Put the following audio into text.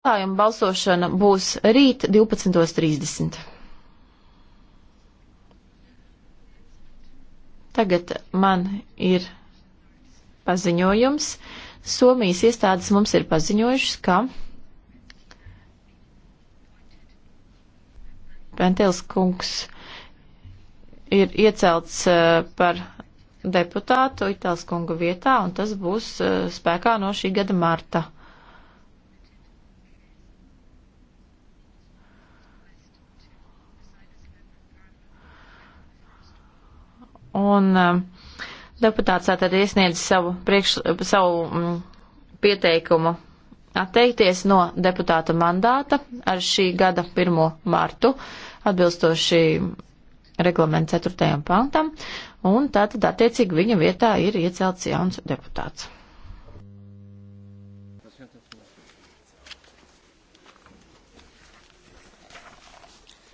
jautājumu balsošana būs rīt 12.30. Tagad man ir paziņojums. Somijas iestādes mums ir paziņojušas, ka Pentels kungs ir iecelts eh, par deputātu Itāls kunga vietā, un tas būs eh, spēkā no šī gada marta. Un um, deputāts tātad iesniedz savu, priekš, savu mm, pieteikumu atteikties no deputāta mandāta ar šī gada 1. martu atbilstoši reglamentu 4. pantam, un tātad attiecīgi viņa vietā ir iecelts jauns deputāts.